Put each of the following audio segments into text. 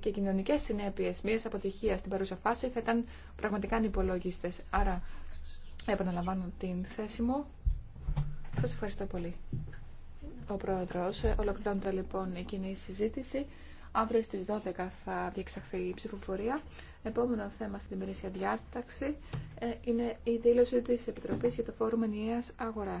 και κοινωνικέ συνέπειε μια αποτυχία στην παρούσα φάση θα ήταν πραγματικά ανυπολογίστε. Άρα, επαναλαμβάνω την θέση μου. Σα ευχαριστώ πολύ. Ο Πρόεδρο, ολοκληρώνεται λοιπόν η κοινή συζήτηση. Αύριο στις 12 θα διεξαχθεί η ψηφοφορία. Επόμενο θέμα στην ημερήσια διάταξη ε, είναι η δήλωση τη Επιτροπή για το Φόρουμ Ενιαία Αγορά.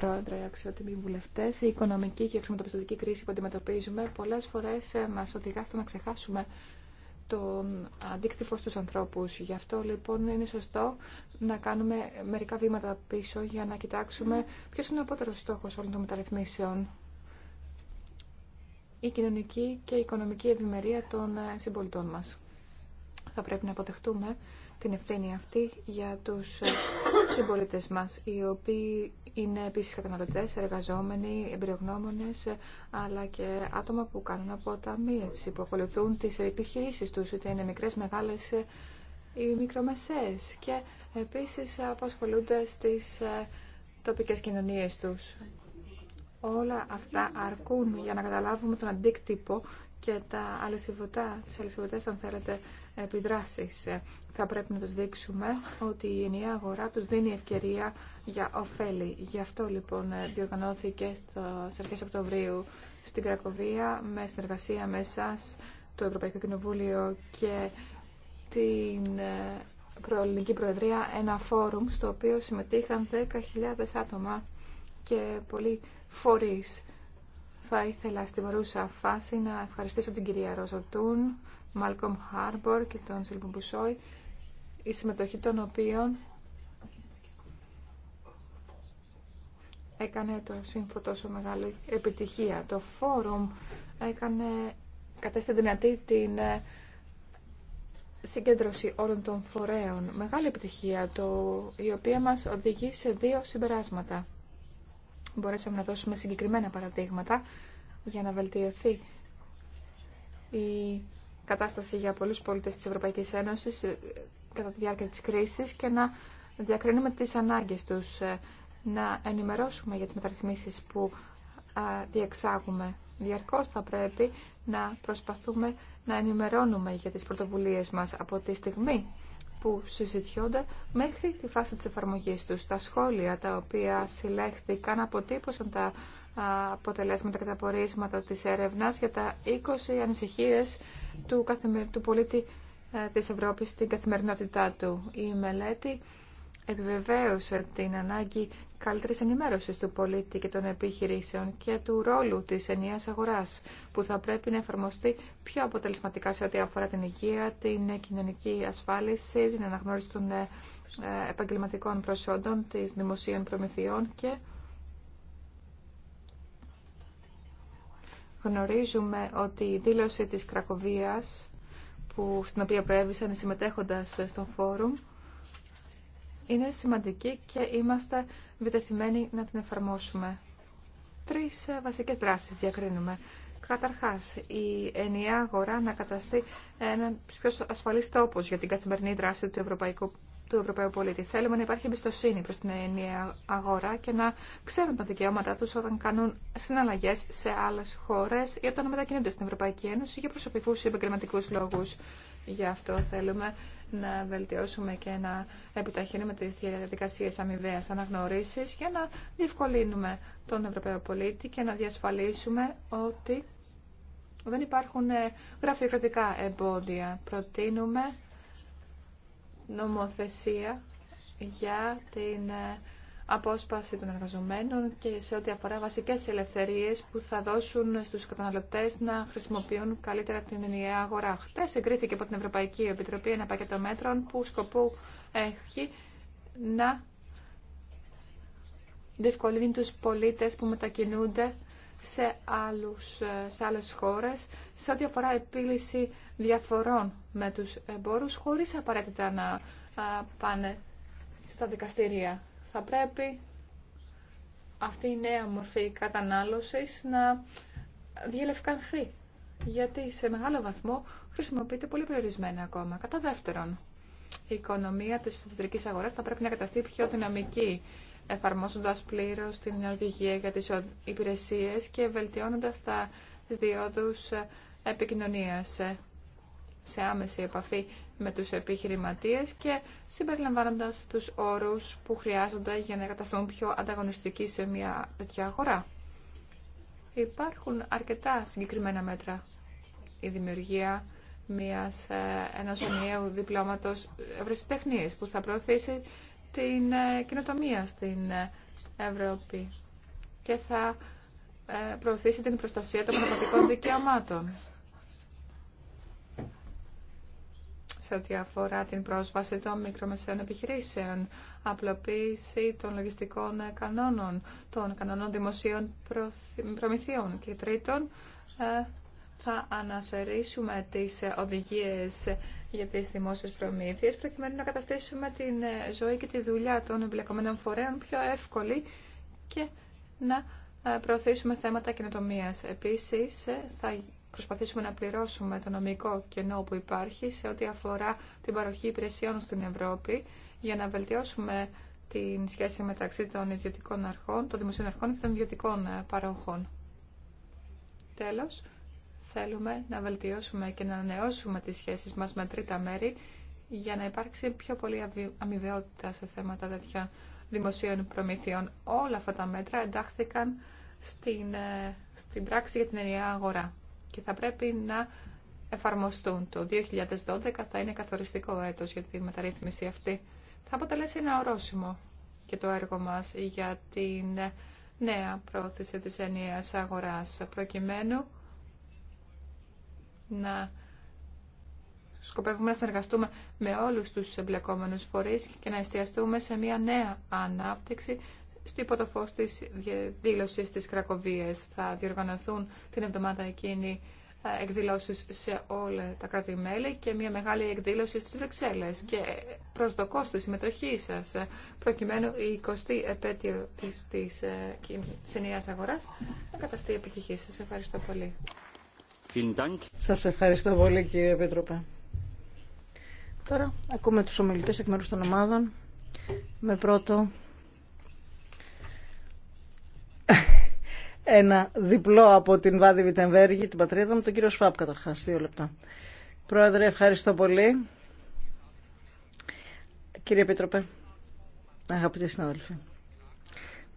Πρόεδρε, αξιότιμοι βουλευτέ, η οικονομική και η χρηματοπιστωτική κρίση που αντιμετωπίζουμε πολλέ φορέ ε, μα οδηγά στο να ξεχάσουμε τον αντίκτυπο στους ανθρώπους. Γι' αυτό λοιπόν είναι σωστό να κάνουμε μερικά βήματα πίσω για να κοιτάξουμε ποιος είναι ο απότερος στόχος όλων των μεταρρυθμίσεων. Η κοινωνική και η οικονομική ευημερία των ε, συμπολιτών μας. Θα πρέπει να αποδεχτούμε την ευθύνη αυτή για τους ε, συμπολίτες μας, οι οποίοι είναι επίσης καταναλωτές, εργαζόμενοι, εμπειρογνώμονες, αλλά και άτομα που κάνουν αποταμίευση, που ακολουθούν τις επιχειρήσεις τους, είτε είναι μικρές, μεγάλες ή μικρομεσαίες. Και επίσης απασχολούνται στις ε, τοπικές κοινωνίες τους. Όλα αυτά αρκούν για να καταλάβουμε τον αντίκτυπο και τα αλυσιβωτά, τις αλυσιβωτές, αν θέλετε, επιδράσεις. Θα πρέπει να τους δείξουμε ότι η ενιαία αγορά τους δίνει ευκαιρία για ωφέλη. Γι' αυτό λοιπόν ε, διοργανώθηκε στις αρχές Οκτωβρίου στην Κρακοβία με συνεργασία με εσάς, το Ευρωπαϊκό Κοινοβούλιο και την ε, Προελληνική Προεδρία ένα φόρουμ στο οποίο συμμετείχαν 10.000 άτομα και πολλοί φορείς. Θα ήθελα στη παρούσα φάση να ευχαριστήσω την κυρία Ροζοτούν, Μάλκομ Χάρμπορ και τον Σιλμπουμπουσόη, η συμμετοχή των οποίων έκανε το ΣΥΜΦΟ τόσο μεγάλη επιτυχία. Το φόρουμ έκανε, κατέστη δυνατή την ε, συγκέντρωση όλων των φορέων. Μεγάλη επιτυχία, το, η οποία μας οδηγεί σε δύο συμπεράσματα. Μπορέσαμε να δώσουμε συγκεκριμένα παραδείγματα για να βελτιωθεί η κατάσταση για πολλούς πολίτες της Ευρωπαϊκής Ένωσης ε, κατά τη διάρκεια της κρίσης και να διακρίνουμε τις ανάγκες τους ε, να ενημερώσουμε για τις μεταρρυθμίσεις που διεξάγουμε. Διαρκώς θα πρέπει να προσπαθούμε να ενημερώνουμε για τις πρωτοβουλίες μας από τη στιγμή που συζητιόνται μέχρι τη φάση της εφαρμογής τους. Τα σχόλια τα οποία συλλέχθηκαν αποτύπωσαν τα αποτελέσματα και τα πορίσματα της έρευνας για τα 20 ανησυχίες του, του πολίτη ε, της Ευρώπης στην καθημερινότητά του. Η μελέτη επιβεβαίωσε την ανάγκη καλύτερης ενημέρωσης του πολίτη και των επιχειρήσεων και του ρόλου της ενιαίας αγοράς που θα πρέπει να εφαρμοστεί πιο αποτελεσματικά σε ό,τι αφορά την υγεία, την κοινωνική ασφάλιση, την αναγνώριση των ε, ε, επαγγελματικών προσόντων, της δημοσίων προμηθειών και γνωρίζουμε ότι η δήλωση της Κρακοβίας που, στην οποία προέβησαν συμμετέχοντας στον φόρουμ είναι σημαντική και είμαστε βιτεθειμένοι να την εφαρμόσουμε. Τρεις ε, βασικές δράσεις διακρίνουμε. Καταρχάς, η ενιαία αγορά να καταστεί ένα πιο ασφαλή τόπο για την καθημερινή δράση του Ευρωπαϊκού του Ευρωπαίου πολίτη. Θέλουμε να υπάρχει εμπιστοσύνη προς την ενιαία αγορά και να ξέρουν τα δικαιώματά τους όταν κάνουν συναλλαγές σε άλλες χώρες ή όταν μετακινούνται στην Ευρωπαϊκή Ένωση για προσωπικούς ή επαγγελματικού λόγους. Γι' αυτό θέλουμε να βελτιώσουμε και να επιταχύνουμε τις διαδικασίες αμοιβαίας αναγνωρίσεις για να διευκολύνουμε τον Ευρωπαίο πολίτη και να διασφαλίσουμε ότι δεν υπάρχουν ε, γραφειοκρατικά εμπόδια. Προτείνουμε νομοθεσία για την ε, απόσπαση των εργαζομένων και σε ό,τι αφορά βασικές ελευθερίες που θα δώσουν στους καταναλωτές να χρησιμοποιούν καλύτερα την ενιαία αγορά. Χτες εγκρίθηκε από την Ευρωπαϊκή Επιτροπή ένα πακέτο μέτρων που σκοπού έχει να διευκολύνει τους πολίτες που μετακινούνται σε, άλλους, σε άλλες χώρες σε ό,τι αφορά επίλυση διαφορών με τους εμπόρους χωρίς απαραίτητα να πάνε στα δικαστήρια θα πρέπει αυτή η νέα μορφή κατανάλωσης να διελευκανθεί. Γιατί σε μεγάλο βαθμό χρησιμοποιείται πολύ περιορισμένα ακόμα. Κατά δεύτερον, η οικονομία της εσωτερικής αγοράς θα πρέπει να καταστεί πιο δυναμική, εφαρμόζοντας πλήρως την οδηγία για τις υπηρεσίες και βελτιώνοντας τα διόδους ε, επικοινωνίας σε άμεση επαφή με τους επιχειρηματίες και συμπεριλαμβάνοντας τους όρους που χρειάζονται για να καταστούν πιο ανταγωνιστικοί σε μια τέτοια αγορά. Υπάρχουν αρκετά συγκεκριμένα μέτρα. Η δημιουργία μιας, ε, ενός ενιαίου διπλώματος ευρεσιτεχνίας που θα προωθήσει την ε, κοινοτομία στην ε, Ευρώπη και θα προωθήσει την προστασία των πνευματικών δικαιωμάτων. σε ό,τι αφορά την πρόσβαση των μικρομεσαίων επιχειρήσεων, απλοποίηση των λογιστικών κανόνων, των κανόνων δημοσίων προμηθείων. Και τρίτον, ε, θα αναθερήσουμε τις οδηγίες για τις δημόσιες προμήθειες προκειμένου να καταστήσουμε την ε, ζωή και τη δουλειά των εμπλεκομένων φορέων πιο εύκολη και να ε, προωθήσουμε θέματα καινοτομίας. Επίσης, θα προσπαθήσουμε να πληρώσουμε το νομικό κενό που υπάρχει σε ό,τι αφορά την παροχή υπηρεσιών στην Ευρώπη για να βελτιώσουμε την σχέση μεταξύ των ιδιωτικών αρχών, των δημοσίων αρχών και των ιδιωτικών ε, παροχών. Τέλος, θέλουμε να βελτιώσουμε και να ανανεώσουμε τις σχέσεις μας με τρίτα μέρη για να υπάρξει πιο πολύ αμοιβαιότητα σε θέματα τέτοια δημοσίων προμηθειών. Όλα αυτά τα μέτρα εντάχθηκαν στην, ε, στην πράξη για την ενιαία αγορά και θα πρέπει να εφαρμοστούν. Το 2012 θα είναι καθοριστικό έτος για τη μεταρρύθμιση αυτή. Θα αποτελέσει ένα ορόσημο και το έργο μας για την νέα πρόθεση της ενιαίας αγοράς προκειμένου να σκοπεύουμε να συνεργαστούμε με όλους τους εμπλεκόμενους φορείς και να εστιαστούμε σε μια νέα ανάπτυξη στο υποτοφό τη δήλωσης τη κρακοβία. Θα διοργανωθούν την εβδομάδα εκείνη ε, εκδηλώσεις σε όλα τα κράτη-μέλη και μια μεγάλη εκδήλωση στις Βρυξέλλες και ε, προσδοκώ στη συμμετοχή σας ε, προκειμένου η 20η επέτειο της, της, αγορά να καταστεί επιτυχή. Σας ευχαριστώ πολύ. Σας ευχαριστώ πολύ κύριε Επίτροπε. Τώρα ακούμε τους ομιλητές εκ μέρους των ομάδων με πρώτο ένα διπλό από την Βάδη Βιτεμβέργη, την πατρίδα μου, τον κύριο Σφάπ καταρχάς, δύο λεπτά. Πρόεδρε, ευχαριστώ πολύ. Κύριε Επίτροπε, αγαπητοί συνάδελφοι,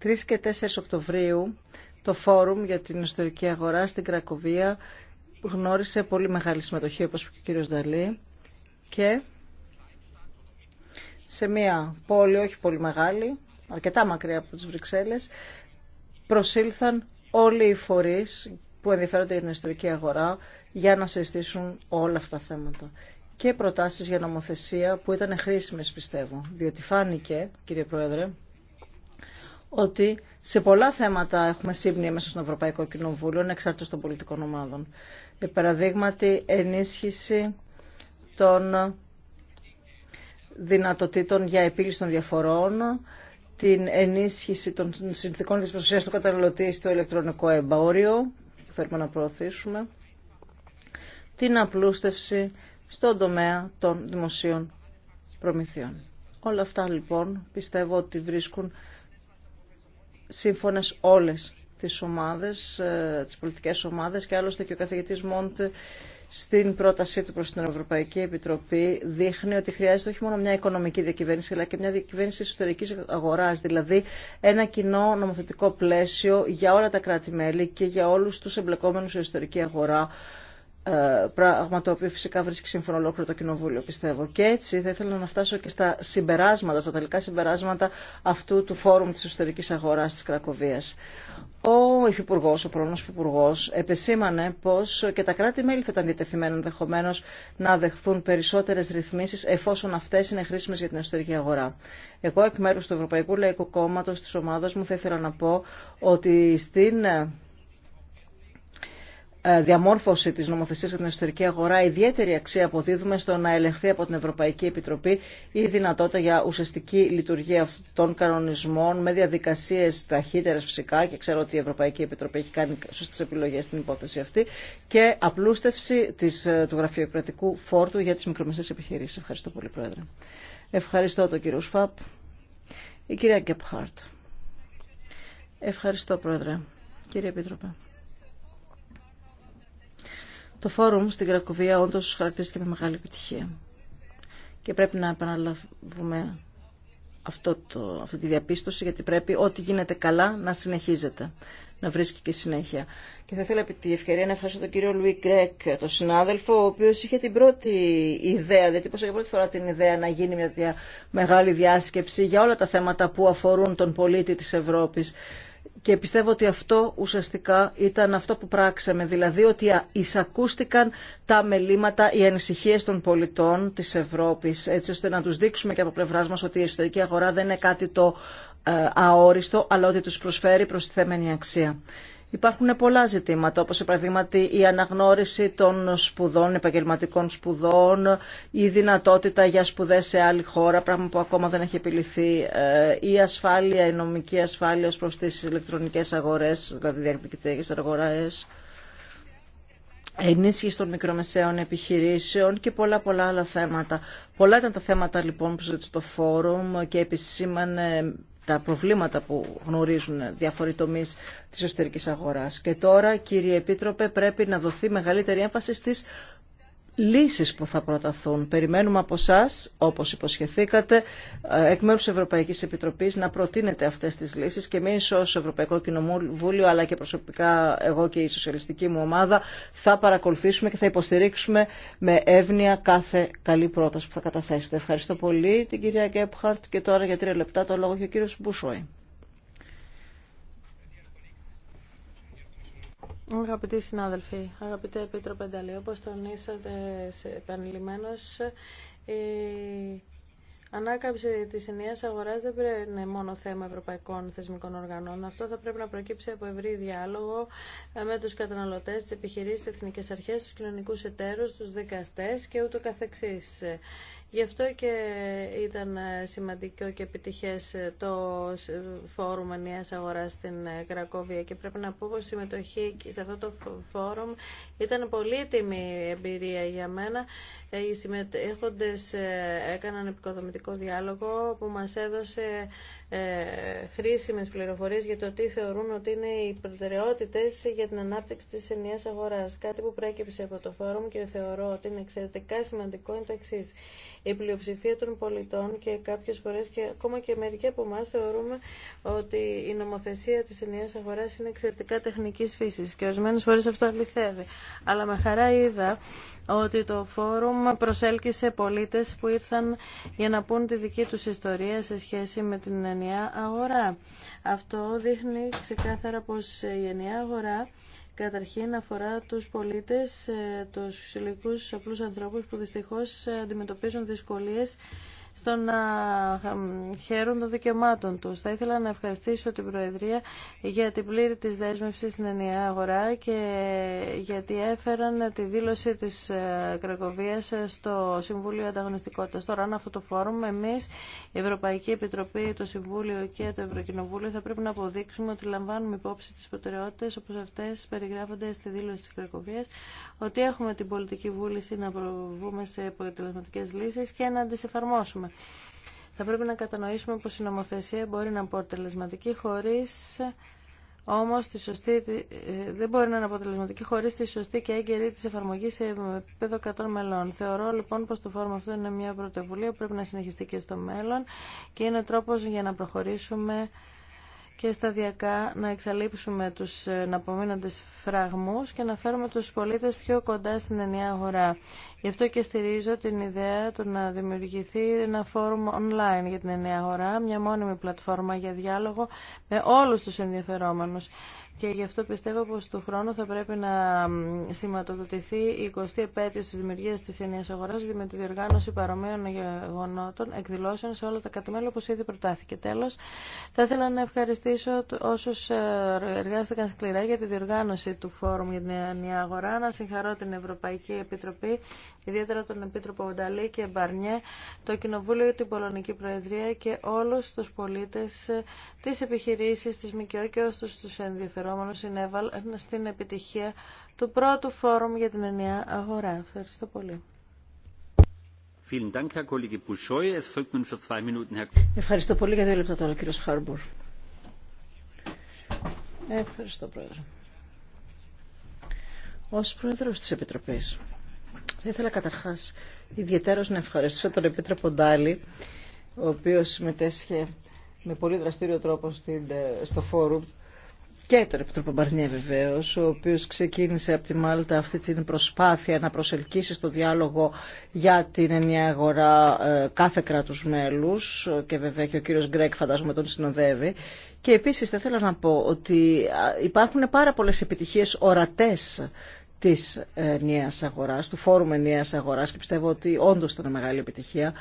3 και 4 Οκτωβρίου το Φόρουμ για την Ιστορική Αγορά στην Κρακοβία γνώρισε πολύ μεγάλη συμμετοχή, όπως και ο κύριος Δαλή, και σε μια πόλη όχι πολύ μεγάλη, αρκετά μακριά από τις Βρυξέλλες, προσήλθαν όλοι οι φορείς που ενδιαφέρονται για την ιστορική αγορά για να συζητήσουν όλα αυτά τα θέματα. Και προτάσεις για νομοθεσία που ήταν χρήσιμες πιστεύω. Διότι φάνηκε, κύριε Πρόεδρε, ότι σε πολλά θέματα έχουμε σύμπνοια μέσα στον Ευρωπαϊκό Κοινοβούλιο, εξαρτήτως των πολιτικών ομάδων. Με παραδείγματι ενίσχυση των δυνατοτήτων για επίλυση των διαφορών, την ενίσχυση των συνθήκων της προστασίας του καταναλωτή στο ηλεκτρονικό εμπόριο, που θέλουμε να προωθήσουμε, την απλούστευση στον τομέα των δημοσίων προμηθειών. Όλα αυτά λοιπόν πιστεύω ότι βρίσκουν σύμφωνες όλες τις ομάδες, ε, τις πολιτικές ομάδες και άλλωστε και ο καθηγητής Μόντ στην πρότασή του προς την Ευρωπαϊκή Επιτροπή δείχνει ότι χρειάζεται όχι μόνο μια οικονομική διακυβέρνηση αλλά και μια διακυβέρνηση εσωτερικής αγοράς, δηλαδή ένα κοινό νομοθετικό πλαίσιο για όλα τα κράτη-μέλη και για όλους τους εμπλεκόμενους στην εσωτερική αγορά ε, πράγμα το οποίο φυσικά βρίσκει σύμφωνο ολόκληρο το Κοινοβούλιο, πιστεύω. Και έτσι θα ήθελα να φτάσω και στα συμπεράσματα, στα τελικά συμπεράσματα αυτού του Φόρουμ της Εσωτερικής Αγοράς της Κρακοβίας. Ο Υφυπουργό, ο πρώην Υφυπουργό, επεσήμανε πω και τα κράτη-μέλη θα ήταν διατεθειμένα ενδεχομένω να δεχθούν περισσότερε ρυθμίσει εφόσον αυτέ είναι χρήσιμε για την εσωτερική αγορά. Εγώ, εκ μέρου του Ευρωπαϊκού Λαϊκού Κόμματο, τη ομάδα μου, θα ήθελα να πω ότι στην ε, ε, διαμόρφωση της νομοθεσίας για την εσωτερική αγορά ιδιαίτερη αξία αποδίδουμε στο να ελεγχθεί από την Ευρωπαϊκή Επιτροπή η δυνατότητα για ουσιαστική λειτουργία των κανονισμών με διαδικασίες ταχύτερες φυσικά και ξέρω ότι η Ευρωπαϊκή Επιτροπή έχει κάνει σωστές επιλογές στην υπόθεση αυτή και απλούστευση της, ε, του γραφειοκρατικού φόρτου για τις μικρομεσαίες επιχειρήσεις. Ευχαριστώ πολύ Πρόεδρε. Ευχαριστώ τον κύριο Σφαπ. Η κυρία Γκέπχαρτ. Ευχαριστώ Πρόεδρε. Κύριε Επίτροπε. Το φόρουμ στην Κρακοβία όντω χαρακτηρίστηκε με μεγάλη επιτυχία. Και πρέπει να επαναλαβούμε αυτό το, αυτή τη διαπίστωση, γιατί πρέπει ό,τι γίνεται καλά να συνεχίζεται, να βρίσκει και συνέχεια. Και θα ήθελα επί τη ευκαιρία να ευχαριστώ τον κύριο Λουί Γκρέκ, τον συνάδελφο, ο οποίο είχε την πρώτη ιδέα, πόσο για πρώτη φορά την ιδέα να γίνει μια μεγάλη διάσκεψη για όλα τα θέματα που αφορούν τον πολίτη τη Ευρώπη και πιστεύω ότι αυτό ουσιαστικά ήταν αυτό που πράξαμε, δηλαδή ότι εισακούστηκαν τα μελήματα, οι ανησυχίε των πολιτών της Ευρώπης, έτσι ώστε να τους δείξουμε και από πλευρά μας ότι η εσωτερική αγορά δεν είναι κάτι το ε, αόριστο, αλλά ότι τους προσφέρει προστιθέμενη αξία. Υπάρχουν πολλά ζητήματα, όπως παράδειγμα, η αναγνώριση των σπουδών, επαγγελματικών σπουδών, η δυνατότητα για σπουδές σε άλλη χώρα, πράγμα που ακόμα δεν έχει επιληθεί, ε, η ασφάλεια, η νομική ασφάλεια ως προς τις ηλεκτρονικές αγορές, δηλαδή διαδικτυακές αγορές, ενίσχυση των μικρομεσαίων επιχειρήσεων και πολλά πολλά άλλα θέματα. Πολλά ήταν τα θέματα λοιπόν που ζήτησε το φόρουμ και επισήμανε τα προβλήματα που γνωρίζουν διάφοροι τομεί τη εσωτερική αγορά. Και τώρα, κύριε Επίτροπε, πρέπει να δοθεί μεγαλύτερη έμφαση στι λύσεις που θα προταθούν. Περιμένουμε από εσά, όπως υποσχεθήκατε, εκ μέρους της Ευρωπαϊκής Επιτροπής να προτείνετε αυτές τις λύσεις και εμείς ως Ευρωπαϊκό Κοινοβούλιο αλλά και προσωπικά εγώ και η σοσιαλιστική μου ομάδα θα παρακολουθήσουμε και θα υποστηρίξουμε με εύνοια κάθε καλή πρόταση που θα καταθέσετε. Ευχαριστώ πολύ την κυρία Γκέπχαρτ και τώρα για τρία λεπτά το λόγο και ο κύριος Μπουσόη. Αγαπητοί συνάδελφοι, αγαπητέ Επίτροπε Πενταλή, όπως τονίσατε επανειλημμένως, η ανάκαμψη της ενιαίας αγοράς δεν πρέπει να είναι μόνο θέμα ευρωπαϊκών θεσμικών οργανών. Αυτό θα πρέπει να προκύψει από ευρύ διάλογο με τους καταναλωτές, τις επιχειρήσεις, τις εθνικές αρχές, τους κοινωνικούς εταίρους, τους δικαστές και ούτω καθεξής. Γι' αυτό και ήταν ε, σημαντικό και επιτυχές ε, το ε, φόρουμ ενιαίας αγοράς στην Κρακόβια και πρέπει να πω πως η συμμετοχή σε αυτό το φόρουμ ήταν πολύτιμη εμπειρία για μένα. Οι συμμετέχοντες έκαναν επικοδομητικό διάλογο που μας έδωσε χρήσιμες πληροφορίες για το τι θεωρούν ότι είναι οι προτεραιότητες για την ανάπτυξη της ενιαίας αγοράς. Κάτι που πρέκυψε από το φόρουμ και θεωρώ ότι είναι εξαιρετικά σημαντικό είναι το εξής η πλειοψηφία των πολιτών και κάποιες φορές και ακόμα και μερικοί από εμά θεωρούμε ότι η νομοθεσία της ενιαίας αγοράς είναι εξαιρετικά τεχνικής φύσης και ορισμένε φορές αυτό αληθεύει. Αλλά με χαρά είδα ότι το φόρουμ προσέλκυσε πολίτες που ήρθαν για να πούν τη δική τους ιστορία σε σχέση με την ενιαία αγορά. Αυτό δείχνει ξεκάθαρα πως η ενιαία αγορά Καταρχήν αφορά τους πολίτες, ε, τους συλλογικούς απλούς ανθρώπους που δυστυχώς ε, αντιμετωπίζουν δυσκολίες στο να χαίρουν των δικαιωμάτων τους. Θα ήθελα να ευχαριστήσω την Προεδρία για την πλήρη της δέσμευση στην ενιαία αγορά και γιατί έφεραν τη δήλωση της ε, Κρακοβίας ε, στο Συμβούλιο Ανταγωνιστικότητας. Τώρα, αν αυτό το φόρουμ, εμείς, η Ευρωπαϊκή Επιτροπή, το Συμβούλιο και το Ευρωκοινοβούλιο θα πρέπει να αποδείξουμε ότι λαμβάνουμε υπόψη τις προτεραιότητες όπως αυτές περιγράφονται στη δήλωση της Κρακοβίας, ότι έχουμε την πολιτική βούληση να προβούμε σε αποτελεσματικές λύσεις και να τις θα πρέπει να κατανοήσουμε πως η νομοθεσία μπορεί να είναι αποτελεσματική χωρίς όμως τη σωστή, ε, δεν μπορεί να είναι αποτελεσματική χωρίς τη σωστή και έγκαιρη της εφαρμογή σε επίπεδο 100 μελών. Θεωρώ λοιπόν πως το φόρμα αυτό είναι μια πρωτοβουλία που πρέπει να συνεχιστεί και στο μέλλον και είναι τρόπος για να προχωρήσουμε και σταδιακά να εξαλείψουμε τους ε, αναπομείνοντες φραγμούς και να φέρουμε τους πολίτες πιο κοντά στην ενιαία αγορά. Γι' αυτό και στηρίζω την ιδέα του να δημιουργηθεί ένα φόρουμ online για την ενιαία αγορά, μια μόνιμη πλατφόρμα για διάλογο με όλους τους ενδιαφερόμενους και γι' αυτό πιστεύω πως του χρόνου θα πρέπει να σηματοδοτηθεί η 20η επέτειος της δημιουργίας της ενιαίας αγοράς με τη διοργάνωση παρομοίων γεγονότων εκδηλώσεων σε όλα τα κατημέλια όπως ήδη προτάθηκε. Τέλος, θα ήθελα να ευχαριστήσω όσους ε, εργάστηκαν σκληρά για τη διοργάνωση του Φόρουμ για την Ενιαία Αγορά, να συγχαρώ την Ευρωπαϊκή Επιτροπή, ιδιαίτερα τον Επίτροπο Βονταλή και Μπαρνιέ, το Κοινοβούλιο, την Πολωνική Προεδρία και όλους τους πολίτες, ε, τις επιχειρήσεις, τις ΜΚΟ και όσους τους εμπειρογνώμονες συνέβαλαν στην επιτυχία του πρώτου φόρουμ για την ενιαία αγορά. Ευχαριστώ πολύ. Ευχαριστώ πολύ για δύο λεπτά τώρα, κύριο Χάρμπορ. Ευχαριστώ, Πρόεδρε. Ω Πρόεδρο τη Επιτροπή, θα ήθελα καταρχά ιδιαίτερω να ευχαριστήσω τον Επίτροπο Ντάλη, ο οποίο συμμετέσχε με πολύ δραστήριο τρόπο ε, στο φόρουμ και τον Επιτρόπο Μπαρνιέ βεβαίω, ο οποίο ξεκίνησε από τη Μάλτα αυτή την προσπάθεια να προσελκύσει στο διάλογο για την ενιαία αγορά ε, κάθε κράτου μέλου και βέβαια και ο κύριο Γκρέκ φαντάζομαι τον συνοδεύει. Και επίση θα ήθελα να πω ότι υπάρχουν πάρα πολλέ επιτυχίε ορατέ τη ε, ενιαία αγορά, του φόρουμ ενιαία αγορά και πιστεύω ότι όντω ήταν μεγάλη επιτυχία.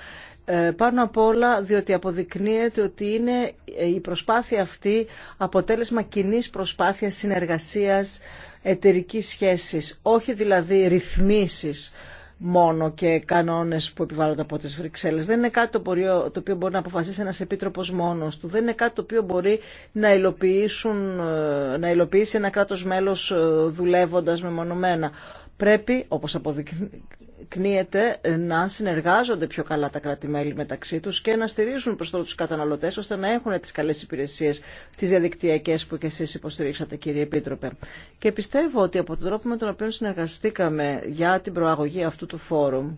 Ε, πάνω απ' όλα διότι αποδεικνύεται ότι είναι ε, η προσπάθεια αυτή αποτέλεσμα κοινή προσπάθειας συνεργασίας εταιρική σχέσης, όχι δηλαδή ρυθμίσεις μόνο και κανόνες που επιβάλλονται από τις Βρυξέλλες. Δεν είναι κάτι το οποίο μπορεί να αποφασίσει ένας επίτροπος μόνος του. Δεν είναι κάτι το οποίο μπορεί να, ε, να υλοποιήσει ένα κράτο μέλο δουλεύοντα μεμονωμένα. Πρέπει, όπω αναδεικνύεται να συνεργάζονται πιο καλά τα κράτη-μέλη μεταξύ τους και να στηρίζουν προς τους καταναλωτές ώστε να έχουν τις καλές υπηρεσίες, τις διαδικτυακές που και εσείς υποστηρίξατε κύριε Επίτροπε. Και πιστεύω ότι από τον τρόπο με τον οποίο συνεργαστήκαμε για την προαγωγή αυτού του φόρουμ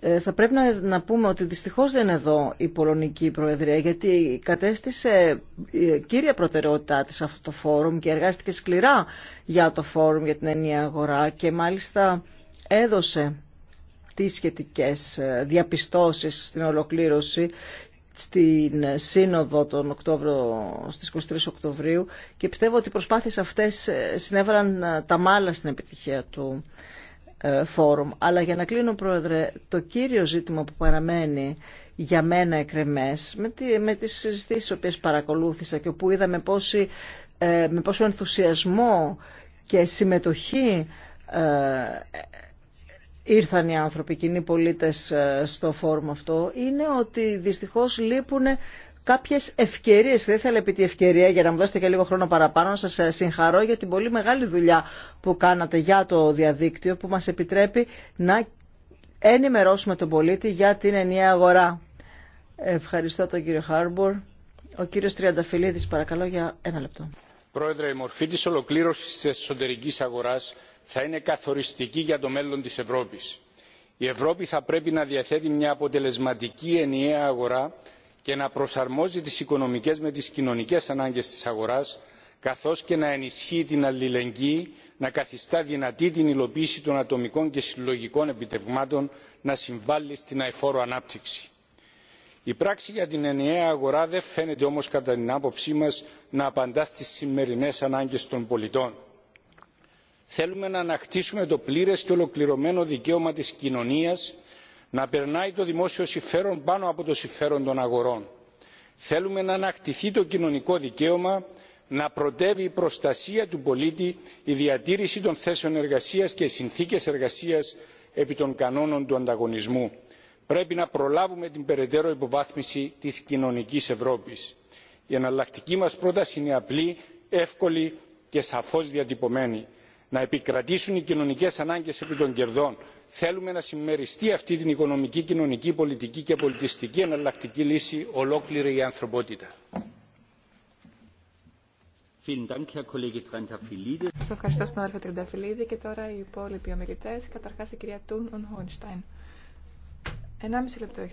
ε, θα πρέπει να, να πούμε ότι δυστυχώς δεν είναι εδώ η Πολωνική Προεδρία γιατί κατέστησε ε, κύρια προτεραιότητά της αυτό το φόρουμ και εργάστηκε σκληρά για το φόρουμ για την ενιαία αγορά και μάλιστα έδωσε τις σχετικές ε, διαπιστώσεις στην ολοκλήρωση στην Σύνοδο τον Οκτώβριο, στις 23 Οκτωβρίου και πιστεύω ότι οι προσπάθειες αυτές ε, συνέβαλαν ε, τα μάλα στην επιτυχία του φόρουμ. Αλλά για να κλείνω, Πρόεδρε, το κύριο ζήτημα που παραμένει για μένα εκρεμές με, τι, με τις συζητήσεις οποίες παρακολούθησα και όπου είδαμε πόση, με πόσο ενθουσιασμό και συμμετοχή ήρθαν οι άνθρωποι, κοινοί πολίτες ε, στο φόρουμ αυτό, είναι ότι δυστυχώς λείπουν κάποιες ευκαιρίες. Δεν ήθελα επί τη ευκαιρία για να μου δώσετε και λίγο χρόνο παραπάνω Σας σα ε, συγχαρώ για την πολύ μεγάλη δουλειά που κάνατε για το διαδίκτυο που μας επιτρέπει να ενημερώσουμε τον πολίτη για την ενιαία αγορά. Ευχαριστώ τον κύριο Χάρμπορ. Ο κύριος Τριανταφυλλίδης παρακαλώ για ένα λεπτό. Πρόεδρε, η μορφή της ολοκλήρωσης της εσωτερικής αγοράς θα είναι καθοριστική για το μέλλον της Ευρώπης. Η Ευρώπη θα πρέπει να διαθέτει μια αποτελεσματική ενιαία αγορά και να προσαρμόζει τις οικονομικές με τις κοινωνικές ανάγκες της αγοράς, καθώς και να ενισχύει την αλληλεγγύη, να καθιστά δυνατή την υλοποίηση των ατομικών και συλλογικών επιτευγμάτων, να συμβάλλει στην αηφόρο ανάπτυξη η πράξη για την ενιαία αγορά δεν φαίνεται όμως κατά την άποψή μας να απαντά στις σημερινές ανάγκες των πολιτών. θέλουμε να ανακτήσουμε το πλήρες και ολοκληρωμένο δικαίωμα της κοινωνίας να περνάει το δημόσιο συμφέρον πάνω από το συμφέρον των αγορών. θέλουμε να ανακτηθεί το κοινωνικό δικαίωμα να προτεύει η προστασία του πολίτη η διατήρηση των θέσεων εργασίας και οι συνθήκες εργασίας επί των κανόνων του ανταγωνισμού πρέπει να προλάβουμε την περαιτέρω υποβάθμιση της κοινωνικής ευρώπης. η εναλλακτική μας πρόταση είναι απλή εύκολη και σαφώς διατυπωμένη να επικρατήσουν οι κοινωνικές ανάγκες επί των κερδών. θέλουμε να συμμεριστεί αυτή την οικονομική κοινωνική πολιτική και πολιτιστική εναλλακτική λύση ολόκληρη η ανθρωπότητα. Σας ευχαριστώ συνάδελφε και τώρα οι υπόλοιποι ομιλητές, καταρχάς η κυρία Τούν Ενάμιση λεπτό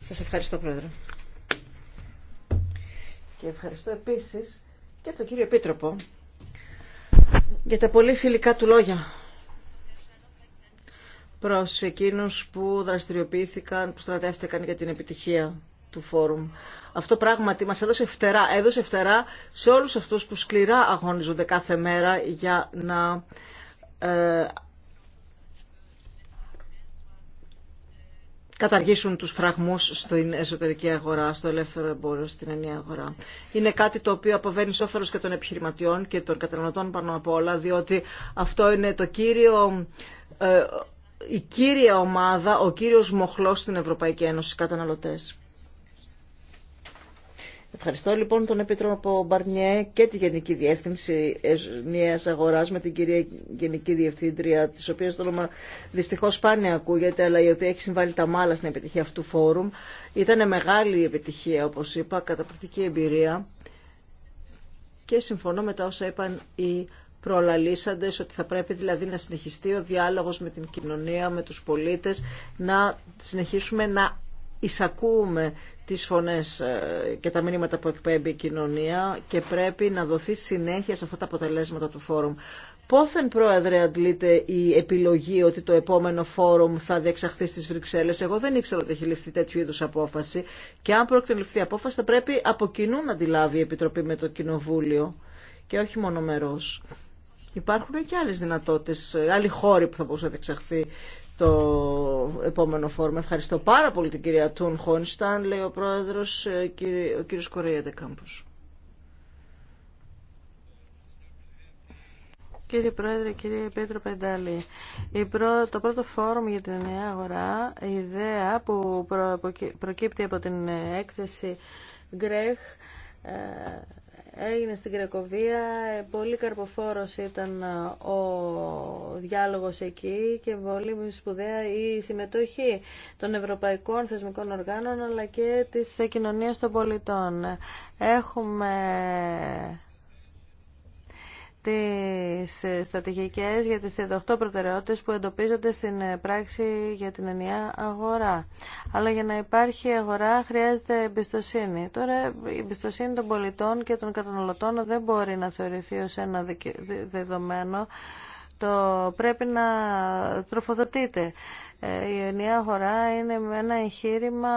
Σας ευχαριστώ, Πρόεδρε. Και ευχαριστώ επίσης και τον κύριο Επίτροπο για τα πολύ φιλικά του λόγια προς εκείνους που δραστηριοποιήθηκαν, που στρατεύτηκαν για την επιτυχία του φόρουμ. Αυτό πράγματι μας έδωσε φτερά, έδωσε φτερά σε όλους αυτούς που σκληρά αγωνίζονται κάθε μέρα για να ε, καταργήσουν τους φραγμούς στην εσωτερική αγορά, στο ελεύθερο εμπόριο, στην ενιαία αγορά. Είναι κάτι το οποίο αποβαίνει όφελος και των επιχειρηματιών και των καταναλωτών πάνω απ' όλα, διότι αυτό είναι το κύριο, ε, η κύρια ομάδα, ο κύριος μοχλός στην Ευρωπαϊκή Ένωση, καταναλωτές. Ευχαριστώ λοιπόν τον Επίτροπο Μπαρνιέ και τη Γενική Διεύθυνση Νέα Αγορά με την κυρία Γενική Διευθύντρια, τη οποία το όνομα δυστυχώ σπάνια ακούγεται, αλλά η οποία έχει συμβάλει τα μάλα στην επιτυχία αυτού φόρουμ. Ήταν μεγάλη η επιτυχία, όπω είπα, καταπληκτική εμπειρία. Και συμφωνώ με τα όσα είπαν οι προλαλήσαντες ότι θα πρέπει δηλαδή να συνεχιστεί ο διάλογος με την κοινωνία, με τους πολίτες, να συνεχίσουμε να εισακούμε τις φωνές ε, και τα μηνύματα που εκπέμπει η κοινωνία και πρέπει να δοθεί συνέχεια σε αυτά τα αποτελέσματα του φόρουμ. Πόθεν, Πρόεδρε, αντλείται η επιλογή ότι το επόμενο φόρουμ θα διεξαχθεί στις Βρυξέλλες. Εγώ δεν ήξερα ότι έχει ληφθεί τέτοιου είδους απόφαση και αν πρόκειται να ληφθεί απόφαση θα πρέπει από κοινού να τη η Επιτροπή με το Κοινοβούλιο και όχι μόνο μερός. Υπάρχουν και άλλες δυνατότητες, ε, άλλοι χώροι που θα μπορούσε να διεξαχθεί στο επόμενο φόρμα. Ευχαριστώ πάρα πολύ την κυρία Τούν Χόνσταν, λέει ο πρόεδρος, ε, ο κύριος Κορέα Δεκάμπος. Κύριε Πρόεδρε, κύριε Πέτρο Πεντάλη, το πρώτο φόρουμ για την νέα αγορά, η ιδέα που προκύπτει από την ε, έκθεση Γκρέχ, ε, έγινε στην Κρακοβία. Ε, πολύ καρποφόρος ήταν ε, ο διάλογος εκεί και πολύ σπουδαία η συμμετοχή των ευρωπαϊκών θεσμικών οργάνων αλλά και της ε, κοινωνίας των πολιτών. Έχουμε τις ε, στρατηγικές για τις 38 προτεραιότητες που εντοπίζονται στην ε, πράξη για την ενιαία αγορά. Αλλά για να υπάρχει αγορά χρειάζεται εμπιστοσύνη. Τώρα η εμπιστοσύνη των πολιτών και των καταναλωτών δεν μπορεί να θεωρηθεί ως ένα δεδομένο. Το πρέπει να τροφοδοτείται. Ε, η ενιαία αγορά είναι ένα εγχείρημα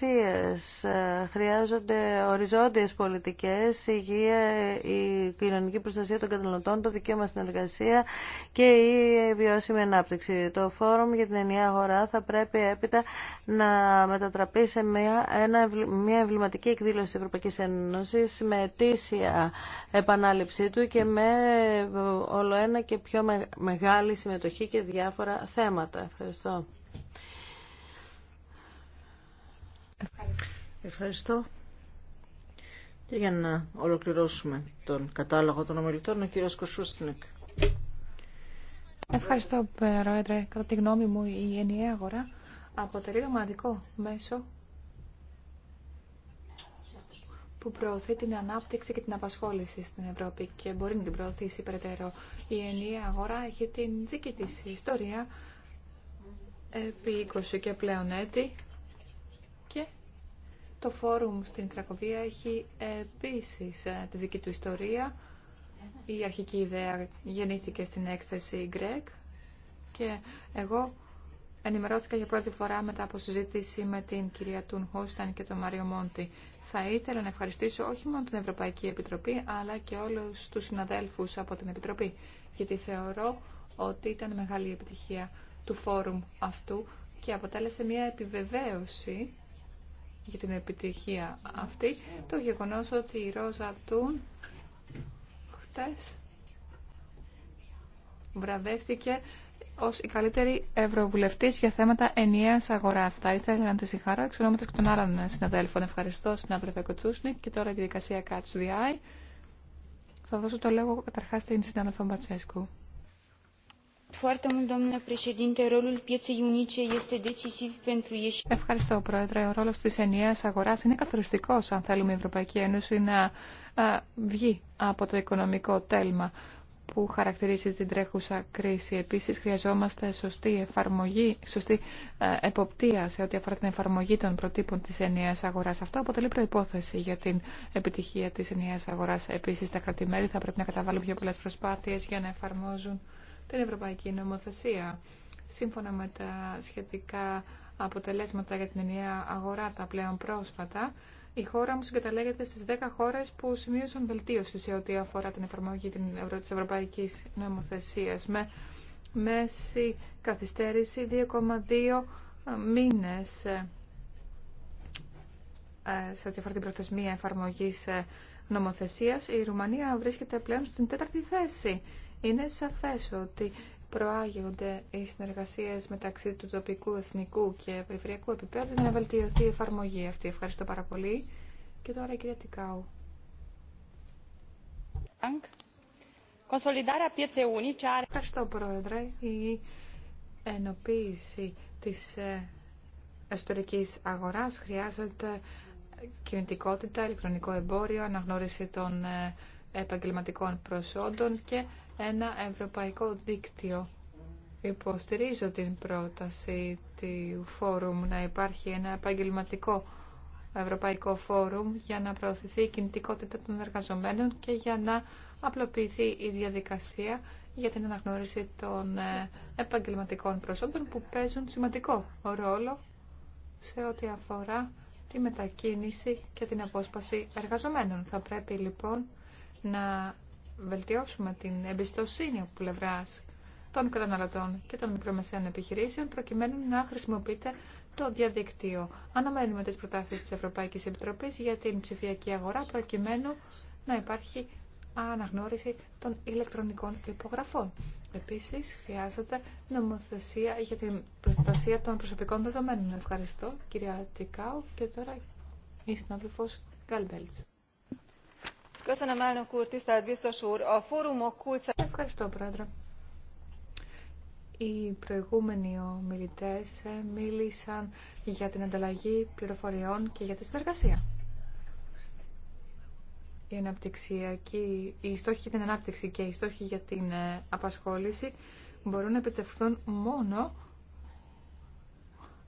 Ε, Χρειάζονται οριζόντιες πολιτικές, η υγεία, η κοινωνική προστασία των καταναλωτών, το δικαίωμα στην εργασία και η βιώσιμη ανάπτυξη. Το Φόρουμ για την ενιαία αγορά θα πρέπει έπειτα να μετατραπεί σε μια, ένα, μια εμβληματική εκδήλωση της Ευρωπαϊκής Ένωσης με αιτήσια επανάληψή του και με ένα και πιο μεγάλη συμμετοχή και διάφορα θέματα. Ευχαριστώ. Ευχαριστώ. Και για να ολοκληρώσουμε τον κατάλογο των ομιλητών, ο κύριος Κοσούστινικ. Ευχαριστώ, Πρόεδρε. Κατά τη γνώμη μου, η ενιαία αγορά αποτελεί το μοναδικό μέσο που προωθεί την ανάπτυξη και την απασχόληση στην Ευρώπη και μπορεί να την προωθήσει περαιτέρω. Η ενιαία αγορά έχει την δική της ιστορία επί 20 και πλέον έτη και το φόρουμ στην Κρακοβία έχει επίσης ε, τη δική του ιστορία. Η αρχική ιδέα γεννήθηκε στην έκθεση Greg και εγώ ενημερώθηκα για πρώτη φορά μετά από συζήτηση με την κυρία Τούν Χώσταν και τον Μάριο Μόντι. Θα ήθελα να ευχαριστήσω όχι μόνο την Ευρωπαϊκή Επιτροπή αλλά και όλους τους συναδέλφους από την Επιτροπή γιατί θεωρώ ότι ήταν μεγάλη επιτυχία του φόρουμ αυτού και αποτέλεσε μια επιβεβαίωση για την επιτυχία αυτή το γεγονός ότι η Ρόζα Τούν χτες βραβεύτηκε ως η καλύτερη ευρωβουλευτής για θέματα ενιαίας αγοράς. Θα ήθελα να τη συγχαρώ εξ ονόματο και των άλλων συναδέλφων. Ευχαριστώ συνάδελφε Κοτσούσνικ και τώρα η διαδικασία Κάτσου. the Θα δώσω το λόγο καταρχάς στην συνάδελφο Μπατσέσκου. Ευχαριστώ, Πρόεδρε. Ο ρόλο τη ενιαία αγορά είναι καθοριστικό αν θέλουμε η Ευρωπαϊκή Ένωση να βγει από το οικονομικό τέλμα που χαρακτηρίζει την τρέχουσα κρίση. Επίσης, χρειαζόμαστε σωστή εφαρμογή, σωστή εποπτεία σε ό,τι αφορά την εφαρμογή των προτύπων της ενιαίας αγοράς. Αυτό αποτελεί προϋπόθεση για την επιτυχία της ενιαίας αγοράς. Επίσης, τα κρατημέλη θα πρέπει να καταβάλουν πιο πολλές προσπάθειες για να εφαρμόζουν την Ευρωπαϊκή Νομοθεσία. Σύμφωνα με τα σχετικά αποτελέσματα για την ενιαία αγορά τα πλέον πρόσφατα, η χώρα μου συγκαταλέγεται στις 10 χώρες που σημείωσαν βελτίωση σε ό,τι αφορά την εφαρμογή της Ευρωπαϊκής Νομοθεσίας με μέση καθυστέρηση 2,2 ε, μήνες ε, ε, σε ό,τι αφορά την προθεσμία εφαρμογής νομοθεσίας. Η Ρουμανία βρίσκεται πλέον στην τέταρτη θέση είναι σαφές ότι προάγονται οι συνεργασίες μεταξύ του τοπικού, εθνικού και περιφερειακού επίπεδου για να βελτιωθεί η εφαρμογή αυτή. Ευχαριστώ πάρα πολύ. Και τώρα η κυρία Τικάου. Ευχαριστώ, Πρόεδρε. Η ενοποίηση της ε, εσωτερικής αγοράς χρειάζεται κινητικότητα, ηλεκτρονικό εμπόριο, αναγνώριση των ε, επαγγελματικών προσόντων και ένα ευρωπαϊκό δίκτυο. Υποστηρίζω την πρόταση του φόρουμ να υπάρχει ένα επαγγελματικό ευρωπαϊκό φόρουμ για να προωθηθεί η κινητικότητα των εργαζομένων και για να απλοποιηθεί η διαδικασία για την αναγνώριση των ε, επαγγελματικών προσόντων που παίζουν σημαντικό ρόλο σε ό,τι αφορά τη μετακίνηση και την απόσπαση εργαζομένων. Θα πρέπει λοιπόν να βελτιώσουμε την εμπιστοσύνη από πλευρά των καταναλωτών και των μικρομεσαίων επιχειρήσεων προκειμένου να χρησιμοποιείται το διαδικτύο. Αναμένουμε τις προτάσεις της Ευρωπαϊκής Επιτροπής για την ψηφιακή αγορά προκειμένου να υπάρχει αναγνώριση των ηλεκτρονικών υπογραφών. Επίσης, χρειάζεται νομοθεσία για την προστασία των προσωπικών δεδομένων. Ευχαριστώ, κυρία Τικάου. Και τώρα η συνάδελφος Γκάλμπελτς. Ευχαριστώ, Πρόεδρε. Οι προηγούμενοι ομιλητέ ε, μίλησαν για την ανταλλαγή πληροφοριών και για τη συνεργασία. Η αναπτυξιακή, η στόχοι για την ανάπτυξη και η στόχοι για την ε, απασχόληση μπορούν να επιτευχθούν μόνο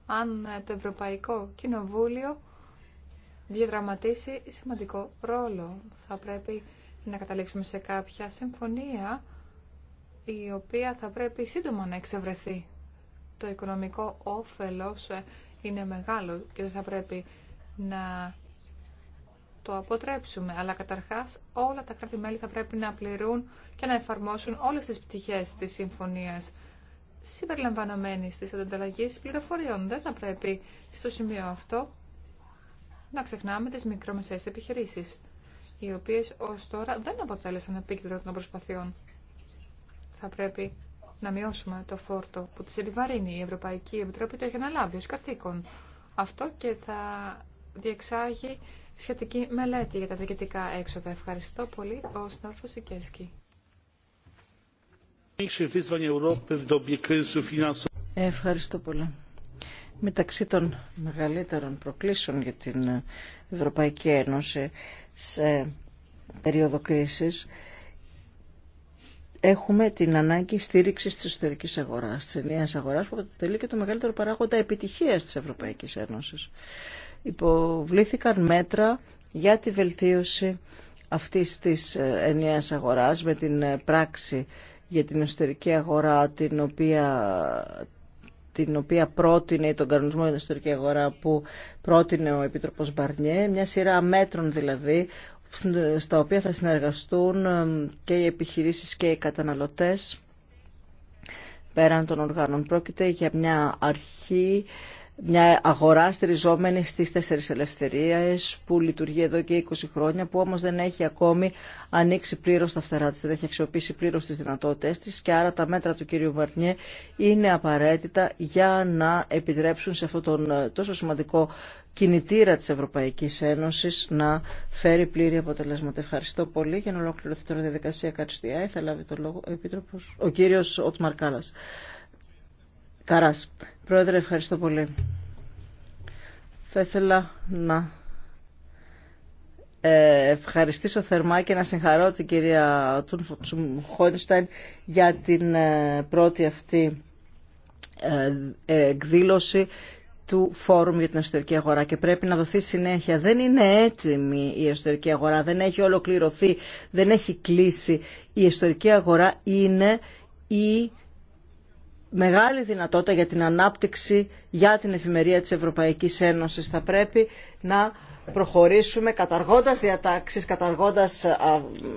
αν ε, το Ευρωπαϊκό Κοινοβούλιο διαδραματίσει σημαντικό ρόλο. Θα πρέπει να καταλήξουμε σε κάποια συμφωνία η οποία θα πρέπει σύντομα να εξευρεθεί. Το οικονομικό όφελος ε, είναι μεγάλο και δεν θα πρέπει να το αποτρέψουμε. Αλλά καταρχάς όλα τα κράτη-μέλη θα πρέπει να πληρούν και να εφαρμόσουν όλες τις πτυχές της συμφωνίας συμπεριλαμβανομένης της ανταλλαγής πληροφοριών. Δεν θα πρέπει στο σημείο αυτό να ξεχνάμε τις μικρομεσαίες επιχειρήσεις, οι οποίες ως τώρα δεν αποτέλεσαν επίκεντρο των προσπαθειών. Θα πρέπει να μειώσουμε το φόρτο που τις επιβαρύνει η Ευρωπαϊκή Επιτροπή το έχει αναλάβει ως καθήκον. Αυτό και θα διεξάγει σχετική μελέτη για τα διοικητικά έξοδα. Ευχαριστώ πολύ, ο Ευχαριστώ πολύ μεταξύ των μεγαλύτερων προκλήσεων για την Ευρωπαϊκή Ένωση σε περίοδο κρίσης έχουμε την ανάγκη στήριξης της εσωτερικής αγοράς, της ενιαίας αγοράς που αποτελεί και το μεγαλύτερο παράγοντα επιτυχίας της Ευρωπαϊκής Ένωσης. Υποβλήθηκαν μέτρα για τη βελτίωση αυτής της ε, ενιαίας αγοράς με την ε, πράξη για την εσωτερική αγορά την οποία την οποία πρότεινε τον κανονισμό για την ιστορική αγορά που πρότεινε ο Επίτροπος Μπαρνιέ, μια σειρά μέτρων δηλαδή, στα οποία θα συνεργαστούν και οι επιχειρήσεις και οι καταναλωτές πέραν των οργάνων. Πρόκειται για μια αρχή μια αγορά στηριζόμενη στις τέσσερις ελευθερίες που λειτουργεί εδώ και 20 χρόνια που όμως δεν έχει ακόμη ανοίξει πλήρως τα φτερά της, δεν έχει αξιοποιήσει πλήρως τις δυνατότητες της και άρα τα μέτρα του κύριου Βαρνιέ είναι απαραίτητα για να επιτρέψουν σε αυτόν τον ε, τόσο σημαντικό κινητήρα της Ευρωπαϊκής Ένωσης να φέρει πλήρη αποτελέσματα. Ευχαριστώ πολύ για να ολοκληρωθεί τώρα η διαδικασία Κατστιάη Θα λάβει το λόγο ο, Επίτροπος, ο κύριος Οτμαρκάλας. Καράς. Πρόεδρε, ευχαριστώ πολύ. Θα ήθελα να ε, ευχαριστήσω θερμά και να συγχαρώ την κυρία Τούν για την ε, πρώτη αυτή ε, εκδήλωση του Φόρουμ για την Εσωτερική Αγορά και πρέπει να δοθεί συνέχεια. Δεν είναι έτοιμη η εσωτερική αγορά, δεν έχει ολοκληρωθεί, δεν έχει κλείσει. Η εσωτερική αγορά είναι η μεγάλη δυνατότητα για την ανάπτυξη, για την εφημερία της Ευρωπαϊκής Ένωσης. Θα πρέπει να προχωρήσουμε καταργώντας διατάξεις, καταργώντας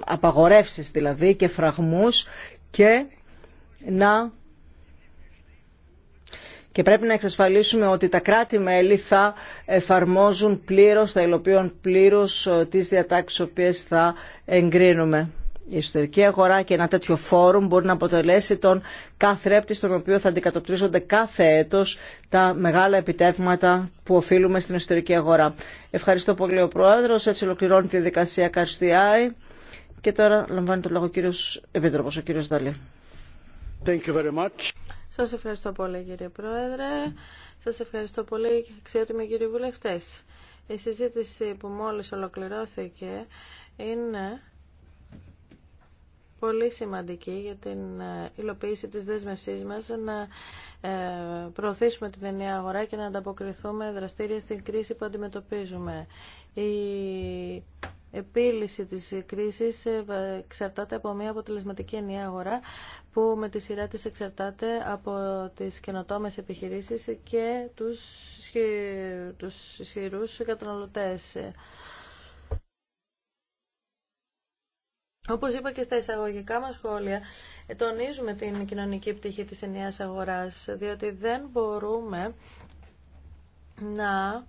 απαγορεύσεις δηλαδή και φραγμούς και να και πρέπει να εξασφαλίσουμε ότι τα κράτη-μέλη θα εφαρμόζουν πλήρως, θα υλοποιούν πλήρως ε, τις διατάξεις οποίες θα εγκρίνουμε. Η εσωτερική αγορά και ένα τέτοιο φόρουμ μπορεί να αποτελέσει τον καθρέπτη στον οποίο θα αντικατοπτρίζονται κάθε έτος τα μεγάλα επιτεύγματα που οφείλουμε στην εσωτερική αγορά. Ευχαριστώ πολύ ο Πρόεδρος. Έτσι ολοκληρώνει τη δικασία Καρστιάη. Και τώρα λαμβάνει το λόγο ο κύριος Επίτροπος, ο κύριος Δαλή. Thank you very much. Σας ευχαριστώ πολύ κύριε Πρόεδρε. Σας ευχαριστώ πολύ αξιότιμοι κύριοι βουλευτές. Η συζήτηση που μόλις ολοκληρώθηκε είναι πολύ σημαντική για την ε, υλοποίηση της δέσμευσής μας να ε, προωθήσουμε την ενιαία αγορά και να ανταποκριθούμε δραστήρια στην κρίση που αντιμετωπίζουμε. Η επίλυση της κρίσης ε, εξαρτάται από μια αποτελεσματική ενιαία αγορά που με τη σειρά της εξαρτάται από τις καινοτόμες επιχειρήσεις και τους, τους ισχυρούς καταναλωτές. Όπως είπα και στα εισαγωγικά μας σχόλια, ε, τονίζουμε την κοινωνική πτυχή της ενιαίας αγοράς, διότι δεν μπορούμε να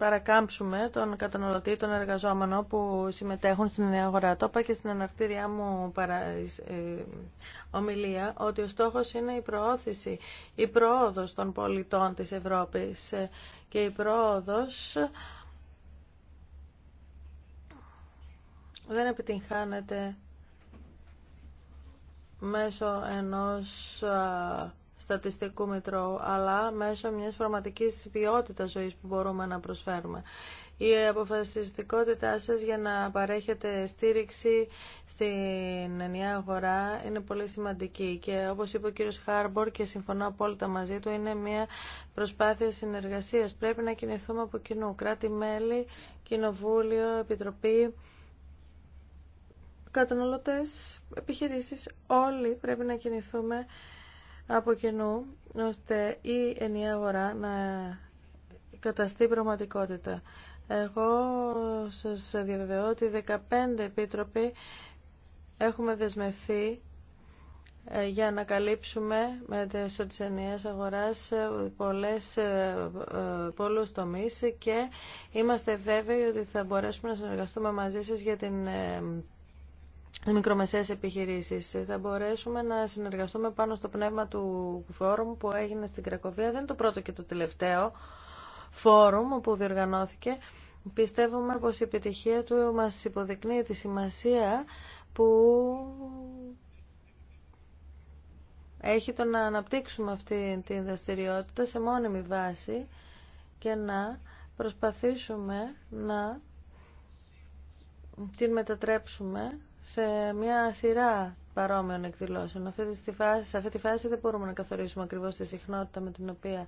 παρακάμψουμε τον καταναλωτή, τον εργαζόμενο που συμμετέχουν στην αγορά. Το και στην αναρτήριά μου ε, ομιλία ότι ο στόχος είναι η προώθηση, η προόδος των πολιτών της Ευρώπης ε, και η προόδος δεν επιτυγχάνεται μέσω ενός στατιστικού μητρώου, αλλά μέσω μιας πραγματικής ποιότητας ζωής που μπορούμε να προσφέρουμε. Η αποφασιστικότητά σας για να παρέχετε στήριξη στην ενιαία αγορά είναι πολύ σημαντική και όπως είπε ο κύριος Χάρμπορ και συμφωνώ απόλυτα μαζί του, είναι μια προσπάθεια συνεργασίας. Πρέπει να κινηθούμε από κοινού, κράτη-μέλη, κοινοβούλιο, επιτροπή καταναλωτές, επιχειρήσεις, όλοι πρέπει να κινηθούμε από κοινού ώστε η ενιαία αγορά να καταστεί πραγματικότητα. Εγώ σας διαβεβαιώ ότι 15 επίτροποι έχουμε δεσμευθεί ε, για να καλύψουμε με τις ενιαίες αγοράς ε, πολλές, ε, πολλούς τομείς και είμαστε βέβαιοι ότι θα μπορέσουμε να συνεργαστούμε μαζί σας για την μικρομεσαίες επιχειρήσεις. Θα μπορέσουμε να συνεργαστούμε πάνω στο πνεύμα του φόρουμ που έγινε στην Κρακοβία. Δεν είναι το πρώτο και το τελευταίο φόρουμ που διοργανώθηκε. Πιστεύουμε πως η επιτυχία του μας υποδεικνύει τη σημασία που έχει το να αναπτύξουμε αυτή τη δραστηριότητα σε μόνιμη βάση και να προσπαθήσουμε να την μετατρέψουμε σε μια σειρά παρόμοιων εκδηλώσεων. Αυτή τη φάση, σε αυτή τη φάση δεν μπορούμε να καθορίσουμε ακριβώς τη συχνότητα με την οποία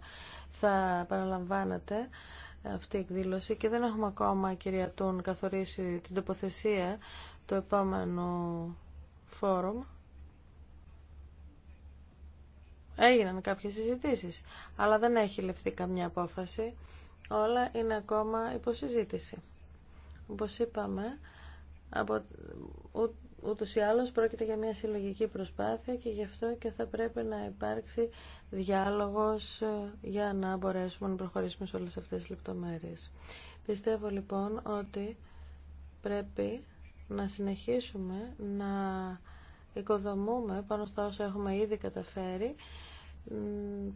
θα παραλαμβάνεται αυτή η εκδήλωση και δεν έχουμε ακόμα, κυρία Τούν, καθορίσει την τοποθεσία του επόμενου φόρουμ. Έγιναν κάποιες συζητήσεις, αλλά δεν έχει λεφθεί καμιά απόφαση. Όλα είναι ακόμα υποσυζήτηση. Όπως είπαμε, από... Ούτως ή άλλως πρόκειται για μια συλλογική προσπάθεια και γι' αυτό και θα πρέπει να υπάρξει διάλογος ε, για να μπορέσουμε να προχωρήσουμε σε όλες αυτές τις λεπτομέρειες. Πιστεύω λοιπόν ότι πρέπει να συνεχίσουμε να οικοδομούμε πάνω στα όσα έχουμε ήδη καταφέρει.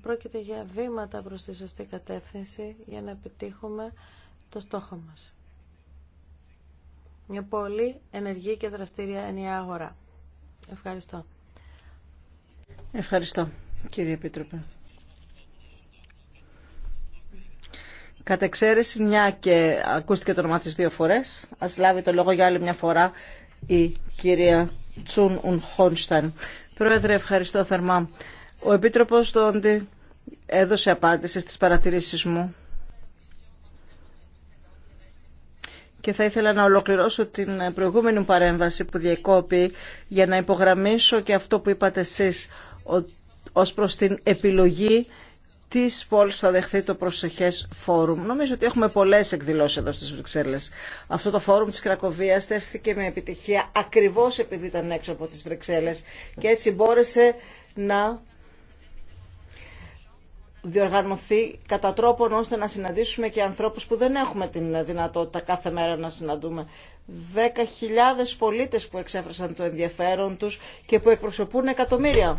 Πρόκειται για βήματα προς τη σωστή κατεύθυνση για να επιτύχουμε το στόχο μας μια πολύ ενεργή και δραστήρια ενιαία αγορά. Ευχαριστώ. Ευχαριστώ, κύριε Επίτροπε. Κατ' εξαίρεση, μια και ακούστηκε το όνομά δύο φορές, ας λάβει το λόγο για άλλη μια φορά η κυρία Τσούν Ουνχόνσταν. Πρόεδρε, ευχαριστώ θερμά. Ο Επίτροπος Τόντι έδωσε απάντηση στις παρατηρήσεις μου και θα ήθελα να ολοκληρώσω την προηγούμενη παρέμβαση που διακόπη για να υπογραμμίσω και αυτό που είπατε εσείς ως προς την επιλογή τη πόλη που θα δεχθεί το προσεχέ φόρουμ. Νομίζω ότι έχουμε πολλέ εκδηλώσει εδώ στι Βρυξέλλε. Αυτό το φόρουμ τη Κρακοβία στέφθηκε με επιτυχία ακριβώ επειδή ήταν έξω από τι Βρυξέλλε και έτσι μπόρεσε να διοργανωθεί κατά τρόπον ώστε να συναντήσουμε και ανθρώπους που δεν έχουμε την δυνατότητα κάθε μέρα να συναντούμε. Δέκα 10.000 πολίτες που εξέφρασαν το ενδιαφέρον τους και που εκπροσωπούν εκατομμύρια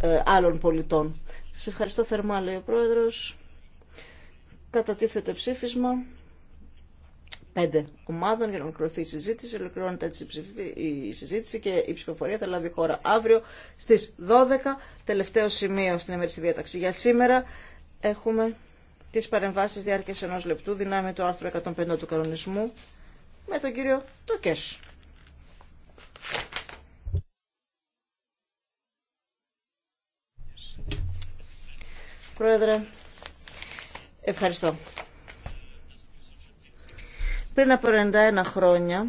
ε, άλλων πολιτών. Σας ευχαριστώ θερμά, λέει ο Πρόεδρος. Κατατίθεται ψήφισμα πέντε ομάδων για να ολοκληρωθεί η συζήτηση. Ολοκληρώνεται έτσι η συζήτηση και η ψηφοφορία θα λάβει χώρα αύριο στι 12. Τελευταίο σημείο στην ημέρηση διάταξη για σήμερα. Έχουμε τι παρεμβάσει διάρκεια ενό λεπτού δυνάμει του άρθρου 150 του κανονισμού με τον κύριο Τοκέ. Πρόεδρε, ευχαριστώ. Πριν από 91 χρόνια